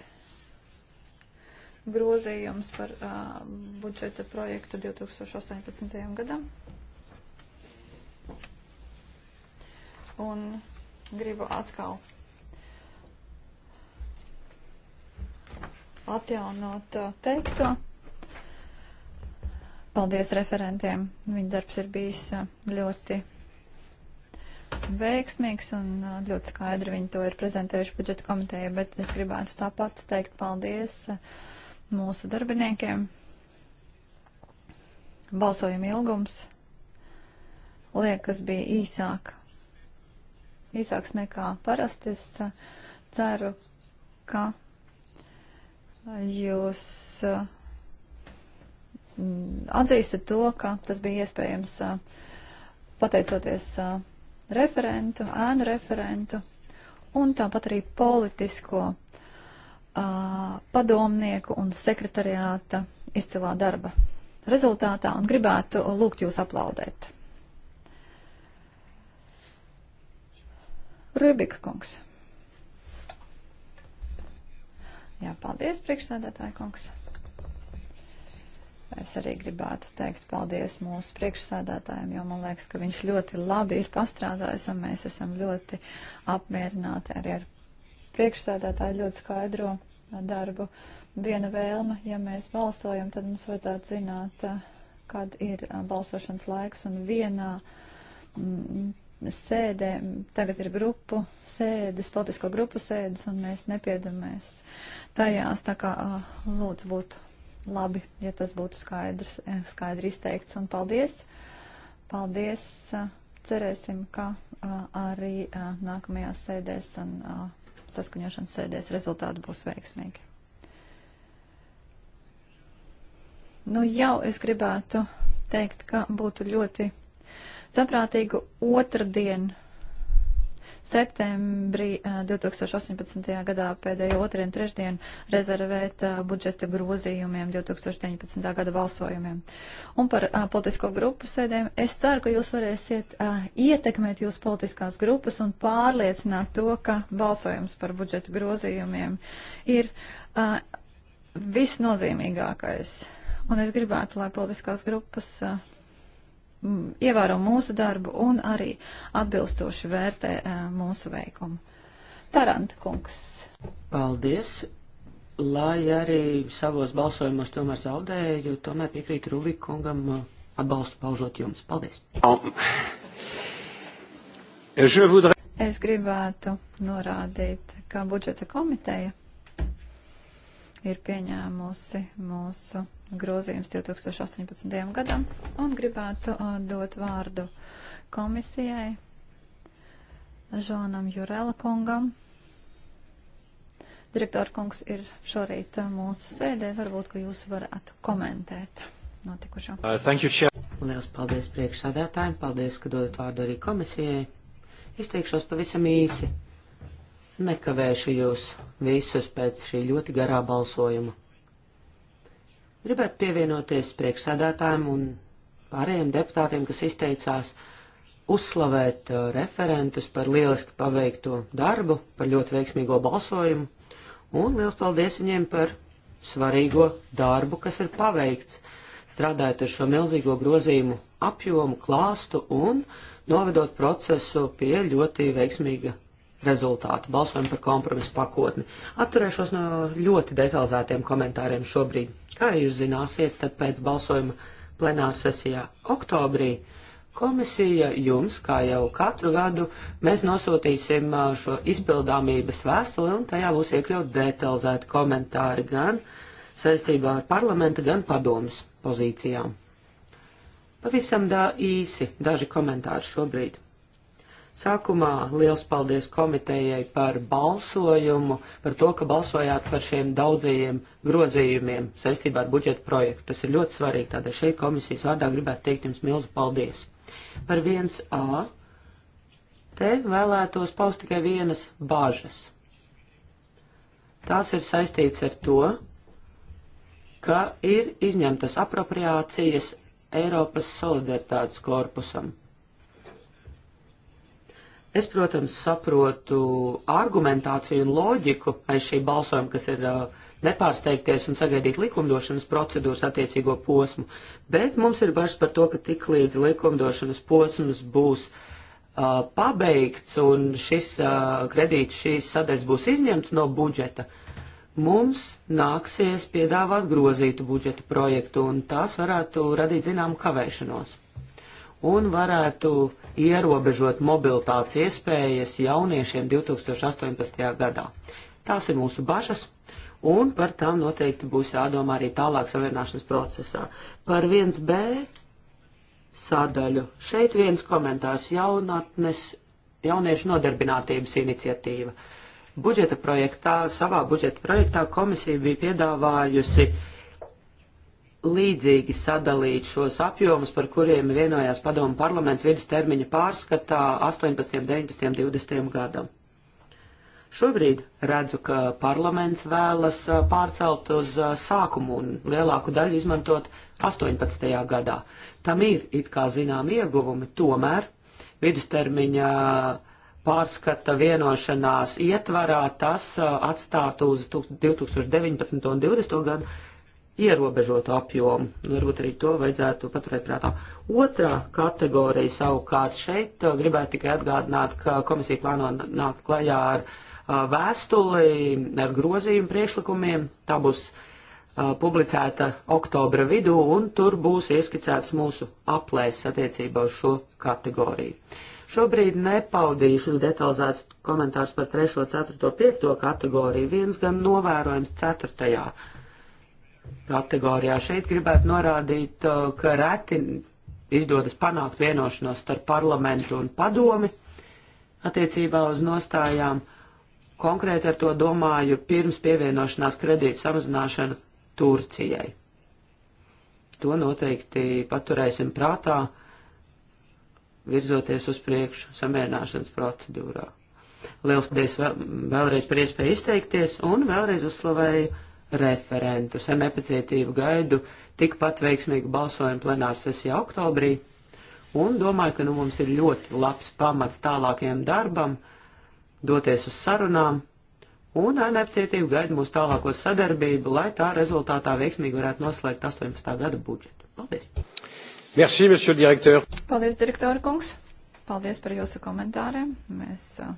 grozījums par uh, budžeta projektu 2018. gadam. Un gribu atkal atjaunot uh, teikto. Paldies referentiem. Viņa darbs ir bijis ļoti veiksmīgs un ļoti skaidri viņi to ir prezentējuši budžeta komiteja, bet es gribētu tāpat teikt paldies mūsu darbiniekiem. Balsojuma ilgums liekas bija īsāk, īsāks nekā parasti. Es ceru, ka jūs. Uh, Mm, atzīstat to, ka tas bija iespējams pateicoties referentu, ēnu referentu un tāpat arī politisko padomnieku un sekretariāta izcilā darba rezultātā un gribētu lūgt jūs aplaudēt. Rubika kungs. Jā, paldies, priekšsēdētāja kungs. Es arī gribētu teikt paldies mūsu priekšsādātājiem, jo man liekas, ka viņš ļoti labi ir pastrādājis, un mēs esam ļoti apmierināti arī ar priekšsādātāju ļoti skaidro darbu. Viena vēlme, ja mēs balsojam, tad mums vajadzētu zināt, kad ir balsošanas laiks, un vienā sēdē, tagad ir grupu sēdes, politisko grupu sēdes, un mēs nepiedamies tajās, tā kā lūdzu būtu labi, ja tas būtu skaidrs, eh, skaidri izteikts. Un paldies! Paldies! Eh, cerēsim, ka eh, arī nākamajās sēdēs un saskaņošanas sēdēs rezultāti būs veiksmīgi. Nu jau es gribētu teikt, ka būtu ļoti saprātīgu otrdien septembrī 2018. Eh, gadā pēdējo otrdienu trešdienu rezervēt eh, budžeta grozījumiem 2019. gada balsojumiem. Un par a, eh, politisko grupu sēdēm es ceru, ka jūs varēsiet a, ietekmēt jūs politiskās grupas un pārliecināt to, ka balsojums par budžeta grozījumiem ir a, visnozīmīgākais. Un es gribētu, lai politiskās grupas. A, ievēro mūsu darbu un arī atbilstoši vērtē e, mūsu veikumu. Taranta kungs. Paldies. Lai arī savos balsojumos tomēr zaudēju, tomēr piekrītu Rubikungam e, atbalstu paužot jums. Paldies. Es gribētu norādīt, ka budžeta komiteja ir pieņēmusi mūsu grozījums 2018. gadam un gribētu uh, dot vārdu komisijai Žonam Jurela kungam. Direktora kungs ir šorīt uh, mūsu sēdē, varbūt, ka jūs varētu komentēt notikušo. Uh, thank you, Chair. Lielas paldies priekšsādātājiem, paldies, ka dodat vārdu arī komisijai. Izteikšos pavisam īsi. Nekavēšu jūs visus pēc šī ļoti garā balsojuma. Gribētu pievienoties priekšsēdētājiem un pārējiem deputātiem, kas izteicās uzslavēt uh, referentus par lieliski paveikto darbu, par ļoti veiksmīgo balsojumu, un liels paldies viņiem par svarīgo darbu, kas ir paveikts, strādājot ar šo milzīgo grozījumu apjomu, klāstu un novedot procesu pie ļoti veiksmīga rezultātu. Balsojam par kompromisu pakotni. Atturēšos no ļoti detalizētiem komentāriem šobrīd. Kā jūs zināsiet, tad pēc balsojuma plenāra sesijā oktobrī komisija jums, kā jau katru gadu, mēs nosūtīsim uh, šo izpildāmības vēstuli un tajā būs iekļaut detalizēti komentāri gan saistībā ar parlamenta, gan padomas pozīcijām. Pavisam dā īsi daži komentāri šobrīd. Sākumā liels paldies komitejai par balsojumu, par to, ka balsojāt par šiem daudzajiem grozījumiem saistībā ar budžetu projektu. Tas ir ļoti svarīgi, tādēļ šeit komisijas vārdā gribētu teikt jums milzu paldies. Par 1A te vēlētos paust tikai vienas bāžas. Tās ir saistīts ar to, ka ir izņemtas apropriācijas Eiropas solidaritātes korpusam Es, protams, saprotu argumentāciju un loģiku aiz šī balsojuma, kas ir uh, nepārsteigties un sagaidīt likumdošanas procedūras attiecīgo posmu, bet mums ir bažas par to, ka tik līdz likumdošanas posms būs uh, pabeigts un šis uh, kredīts, šīs sadaļas būs izņemts no budžeta, mums nāksies piedāvāt grozītu budžeta projektu, un tās varētu radīt zinām kavēšanos un varētu ierobežot mobilitātes iespējas jauniešiem 2018. gadā. Tās ir mūsu bažas, un par tām noteikti būs jādomā arī tālāk savierināšanas procesā. Par 1B sadaļu. Šeit viens komentārs jaunatnes, jauniešu nodarbinātības iniciatīva. Budžeta projektā, savā budžeta projektā komisija bija piedāvājusi uh, līdzīgi sadalīt šos apjomus, par kuriem vienojās padomu parlaments vidustermiņa pārskatā 18, 19, 20 gadam. Šobrīd redzu, ka parlaments vēlas pārcelt uz sākumu un lielāku daļu izmantot 18. gadā. Tam ir it kā zinām ieguvumi, tomēr vidustermiņa pārskata vienošanās ietvarā tas atstātu uz 2019. un 2020. gadu ierobežotu apjomu. Nu, varbūt arī to vajadzētu paturēt prātā. Otrā kategorija savukārt šeit uh, gribētu tikai atgādināt, ka komisija plāno nākt klajā ar uh, vēstuli, ar grozījumu priekšlikumiem. Tā būs uh, publicēta oktobra vidū, un tur būs ieskicēts mūsu aplēs attiecībā uz šo kategoriju. Šobrīd nepaudīšu detalizētus komentārus par 3, 4, 5 kategoriju, viens gan novērojams 4 kategorijā. Šeit gribētu norādīt, uh, ka reti izdodas panākt vienošanos starp parlamentu un padomi attiecībā uz nostājām. Konkrēti ar to domāju pirms pievienošanās kredītu samazināšanu Turcijai. To noteikti paturēsim prātā, virzoties uz priekšu samierināšanas procedūrā. Liels paldies vēl, vēlreiz par iespēju izteikties un vēlreiz uzslavēju referentus. Ar nepacietību gaidu tikpat veiksmīgu balsojumu plenāru sesijā oktobrī un domāju, ka nu mums ir ļoti labs pamats tālākajam darbam, doties uz sarunām un ar nepacietību gaidu mūsu tālāko sadarbību, lai tā rezultātā veiksmīgi varētu noslēgt 18. gada budžetu. Paldies! Merci, monsieur direktor! Paldies, direktora kungs! Paldies par jūsu komentāriem! Mēs uh,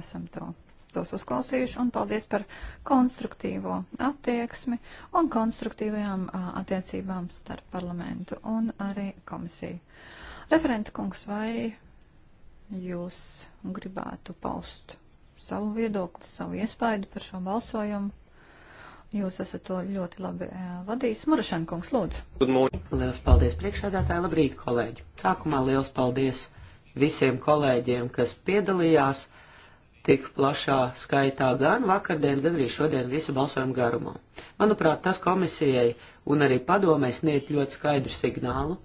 esam to tos uzklausījuši un paldies par konstruktīvo attieksmi un konstruktīvajām attiecībām starp parlamentu un arī komisiju. Referenta kungs, vai jūs gribētu paust savu viedokli, savu iespaidu par šo balsojumu? Jūs esat to ļoti labi vadījis. Murašana kungs, lūdzu. Liels paldies priekšsēdētāji, labrīt kolēģi. Sākumā liels paldies visiem kolēģiem, kas piedalījās tik plašā skaitā gan vakardien, gan arī šodien visu balsojumu garumā. Manuprāt, tas komisijai un arī padomē sniedz ļoti skaidru signālu,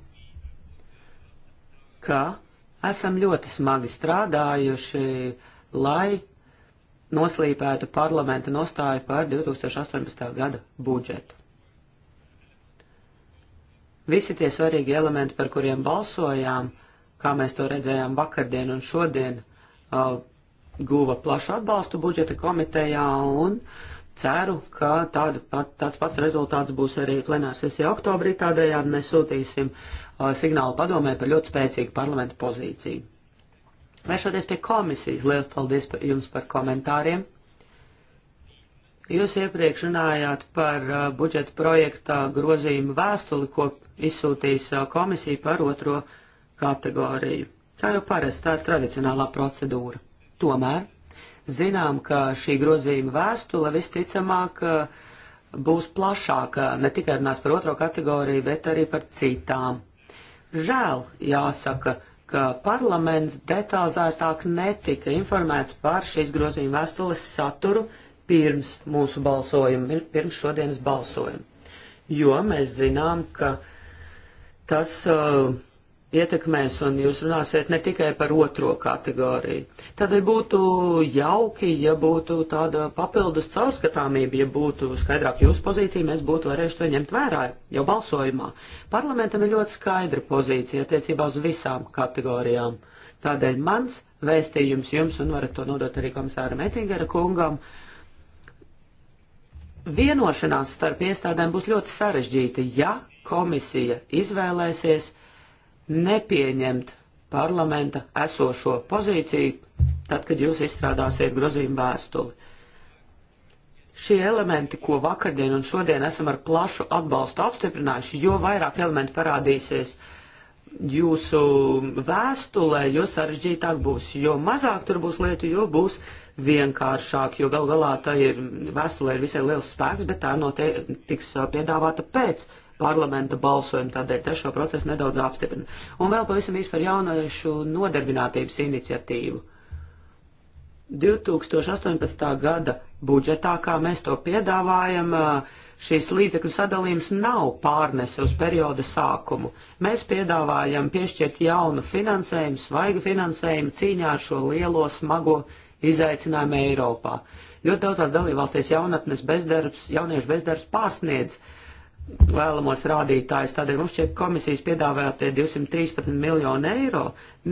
ka esam ļoti smagi strādājuši, lai noslīpētu parlamenta nostāju par 2018. gada budžetu. Visi tie svarīgi elementi, par kuriem balsojām, kā mēs to redzējām vakardien un šodien, uh, guva plašu atbalstu budžeta komitejā un ceru, ka tāda pat, tāds pats rezultāts būs arī plenārsesijā oktobrī, tādējādi mēs sūtīsim uh, signālu padomē par ļoti spēcīgu parlamenta pozīciju. Vēršoties pie komisijas, liels paldies par jums par komentāriem. Jūs iepriekš runājāt par uh, budžeta projekta grozījumu vēstuli, ko izsūtīs uh, komisija par otro kategoriju. Kā jau parasti, tā ir tradicionālā procedūra. Tomēr zinām, ka šī grozījuma vēstule visticamāk eh, būs plašāka, ne tikai runās par otro kategoriju, bet arī par citām. Žēl, jāsaka, ka parlaments detalizētāk netika informēts par šīs grozījuma vēstules saturu pirms mūsu balsojuma, pirms šodienas balsojuma. Jo mēs zinām, ka tas uh, ietekmēs, un jūs runāsiet ne tikai par otro kategoriju. Tādēļ būtu jauki, ja būtu tāda papildus caurskatāmība, ja būtu skaidrāk jūsu pozīcija, mēs būtu varējuši to ņemt vērā jau balsojumā. Parlamentam ir ļoti skaidra pozīcija attiecībā uz visām kategorijām. Tādēļ mans vēstījums jums, un varat to nodot arī komisāram Ettingera kungam, vienošanās starp iestādēm būs ļoti sarežģīta, ja komisija izvēlēsies, nepieņemt parlamenta esošo pozīciju, tad, kad jūs izstrādāsiet grozījumu vēstuli. Šie elementi, ko vakardien un šodien esam ar plašu atbalstu apstiprinājuši, jo vairāk elementi parādīsies jūsu vēstulē, jo sarežģītāk būs, jo mazāk tur būs lietu, jo būs vienkāršāk, jo gal galā tā ir vēstulē ir visai liels spēks, bet tā notiek, tiks uh, piedāvāta pēc parlamenta balsojumu, tādēļ tas šo procesu nedaudz apstiprina. Un vēl pavisam īsi par jauniešu nodarbinātības iniciatīvu. 2018. gada budžetā, kā mēs to piedāvājam, eh, šīs līdzekļu sadalījums nav pārnese uz perioda sākumu. Mēs piedāvājam piešķirt jaunu finansējumu, svaigu finansējumu cīņā ar šo lielo smago izaicinājumu Eiropā. Ļoti daudzās dalībvalstīs jaunatnes bezdarbs, jauniešu bezdarbs pārsniedz uh, vēlamos rādītājus. Tādēļ mums šķiet komisijas piedāvātie 213 miljoni eiro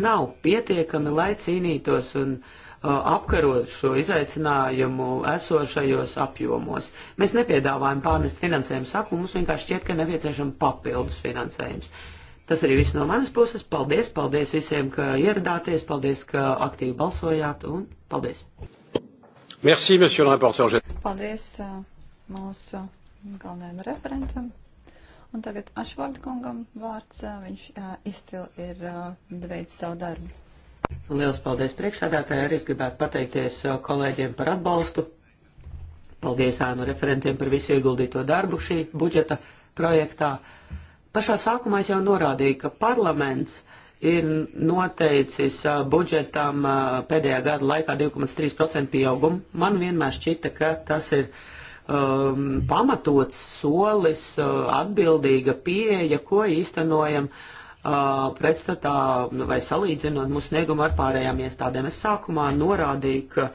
nav pietiekami, lai cīnītos un uh, apkarot šo izaicinājumu esošajos apjomos. Mēs nepiedāvājam pārnest finansējumu saku, mums vienkārši šķiet, ka nepieciešama papildus finansējums. Tas arī viss no manas puses. Paldies, paldies visiem, ka ieradāties, paldies, ka aktīvi balsojāt un paldies. Merci, monsieur le rapporteur. Paldies, uh, mūsu galvenajam referentam. Un tagad Ašvārda kungam vārds, viņš izcili ir veids savu darbu. Lielas paldies priekšsādātāji, arī es gribētu pateikties kolēģiem par atbalstu. Paldies ēnu referentiem par visu ieguldīto darbu šī budžeta projektā. Pašā sākumā es jau norādīju, ka parlaments ir noteicis budžetam pēdējā gada laikā 2,3% pieaugumu. Man vienmēr šķita, ka tas ir uh, um, pamatots solis, uh, atbildīga pieeja, ko īstenojam uh, pretstatā nu, vai salīdzinot mūsu sniegumu ar pārējām iestādēm. Es sākumā norādīju, ka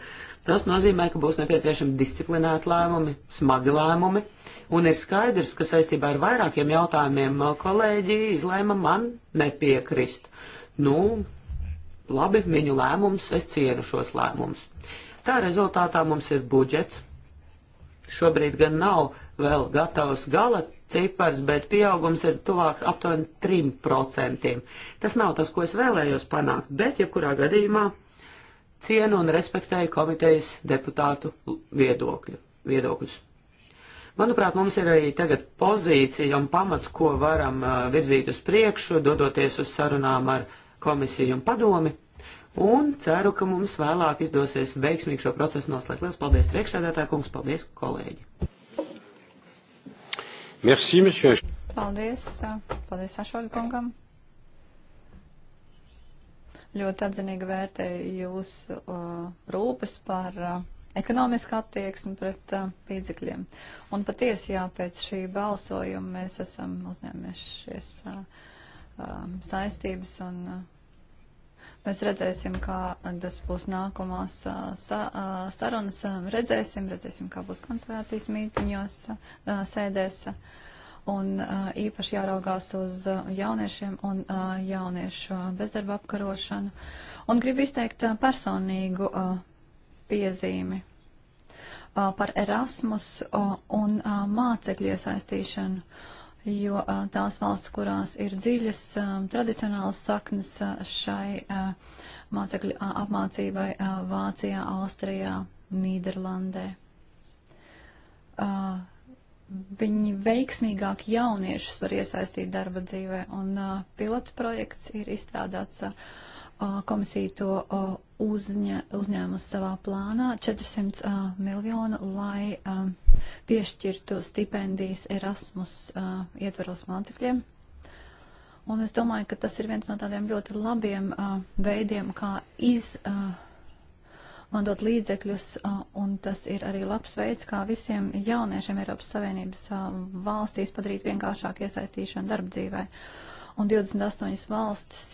tas nozīmē, ka būs nepieciešami disciplinēti lēmumi, smagi lēmumi, un ir skaidrs, ka saistībā ar vairākiem jautājumiem uh, kolēģi izlēma man nepiekrist. Nu, labi, viņu lēmums, es cienu šos lēmumus. Tā rezultātā mums ir budžets, šobrīd gan nav vēl gatavs gala cipars, bet pieaugums ir tuvāk aptuveni 3%. Tas nav tas, ko es vēlējos panākt, bet jebkurā ja gadījumā cienu un respektēju komitejas deputātu viedokļu, viedokļus. Manuprāt, mums ir arī tagad pozīcija un pamats, ko varam uh, virzīt uz priekšu, dodoties uz sarunām ar komisiju un padomi un ceru, ka mums vēlāk izdosies veiksmīgi šo procesu noslēgt. Lielas paldies priekšsēdētāju kungs, paldies kolēģi. Merci, monsieur. Paldies, paldies Ašoļa kungam. Ļoti atzinīgi vērtēju jūsu uh, rūpes par uh, ekonomiskā attieksme pret uh, līdzekļiem. Un patiesi, jā, pēc šī balsojuma mēs esam uzņēmušies uh, uh, saistības un uh, Mēs redzēsim, kā tas būs nākamās sa, sarunas, redzēsim, redzēsim, kā būs konstelācijas mītiņos, sēdēs. Un īpaši jāraugās uz jauniešiem un jauniešu bezdarba apkarošanu. Un gribu izteikt personīgu piezīmi par Erasmus un mācekļu iesaistīšanu jo tās valsts, kurās ir dziļas tradicionālas saknes šai mācekļu apmācībai Vācijā, Austrijā, Nīderlandē. Viņi veiksmīgāk jauniešus var iesaistīt darba dzīvē, un pilotu projekts ir izstrādāts Komisija to uzņa, uzņēmusi savā plānā 400 miljonu, lai piešķirtu stipendijas Erasmus ietveros mācekļiem. Un es domāju, ka tas ir viens no tādiem ļoti labiem veidiem, kā iz mantot līdzekļus, un tas ir arī labs veids, kā visiem jauniešiem Eiropas Savienības valstīs padarīt vienkāršāku iesaistīšanu darba dzīvē. Un 28 valstis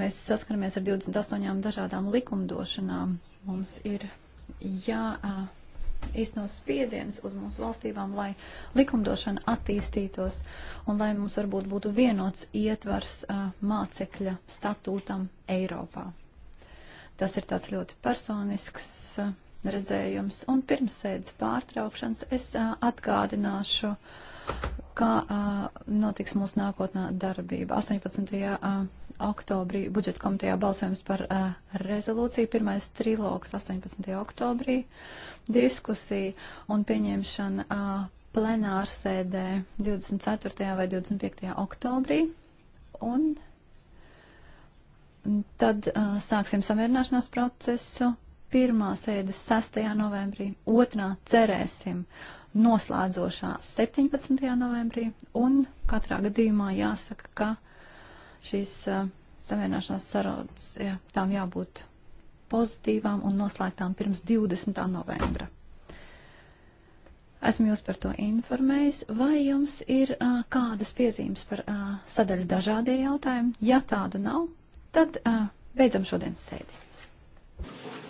Mēs saskaramies ar 28 dažādām likumdošanām. Mums ir jāizno spiediens uz mūsu valstībām, lai likumdošana attīstītos un lai mums varbūt būtu vienots ietvars a, mācekļa statūtam Eiropā. Tas ir tāds ļoti personisks a, redzējums. Un pirms sēdes pārtraukšanas es a, atgādināšu, kā notiks mūsu nākotnā darbība. 18 oktobrī budžeta komitejā balsojums par uh, rezolūciju, pirmais trilogs 18. oktobrī, diskusija un pieņemšana uh, plenārsēdē 24. vai 25. oktobrī. Un tad uh, sāksim samierināšanās procesu. Pirmā sēdes 6. novembrī, otrā cerēsim noslēdzošā 17. novembrī, un katrā gadījumā jāsaka, ka Šīs uh, samierināšanās sarunas, jā, tām jābūt pozitīvām un noslēgtām pirms 20. novembra. Esmu jūs par to informējis. Vai jums ir uh, kādas piezīmes par uh, sadaļu dažādie jautājumi? Ja tāda nav, tad uh, beidzam šodienas sēdi.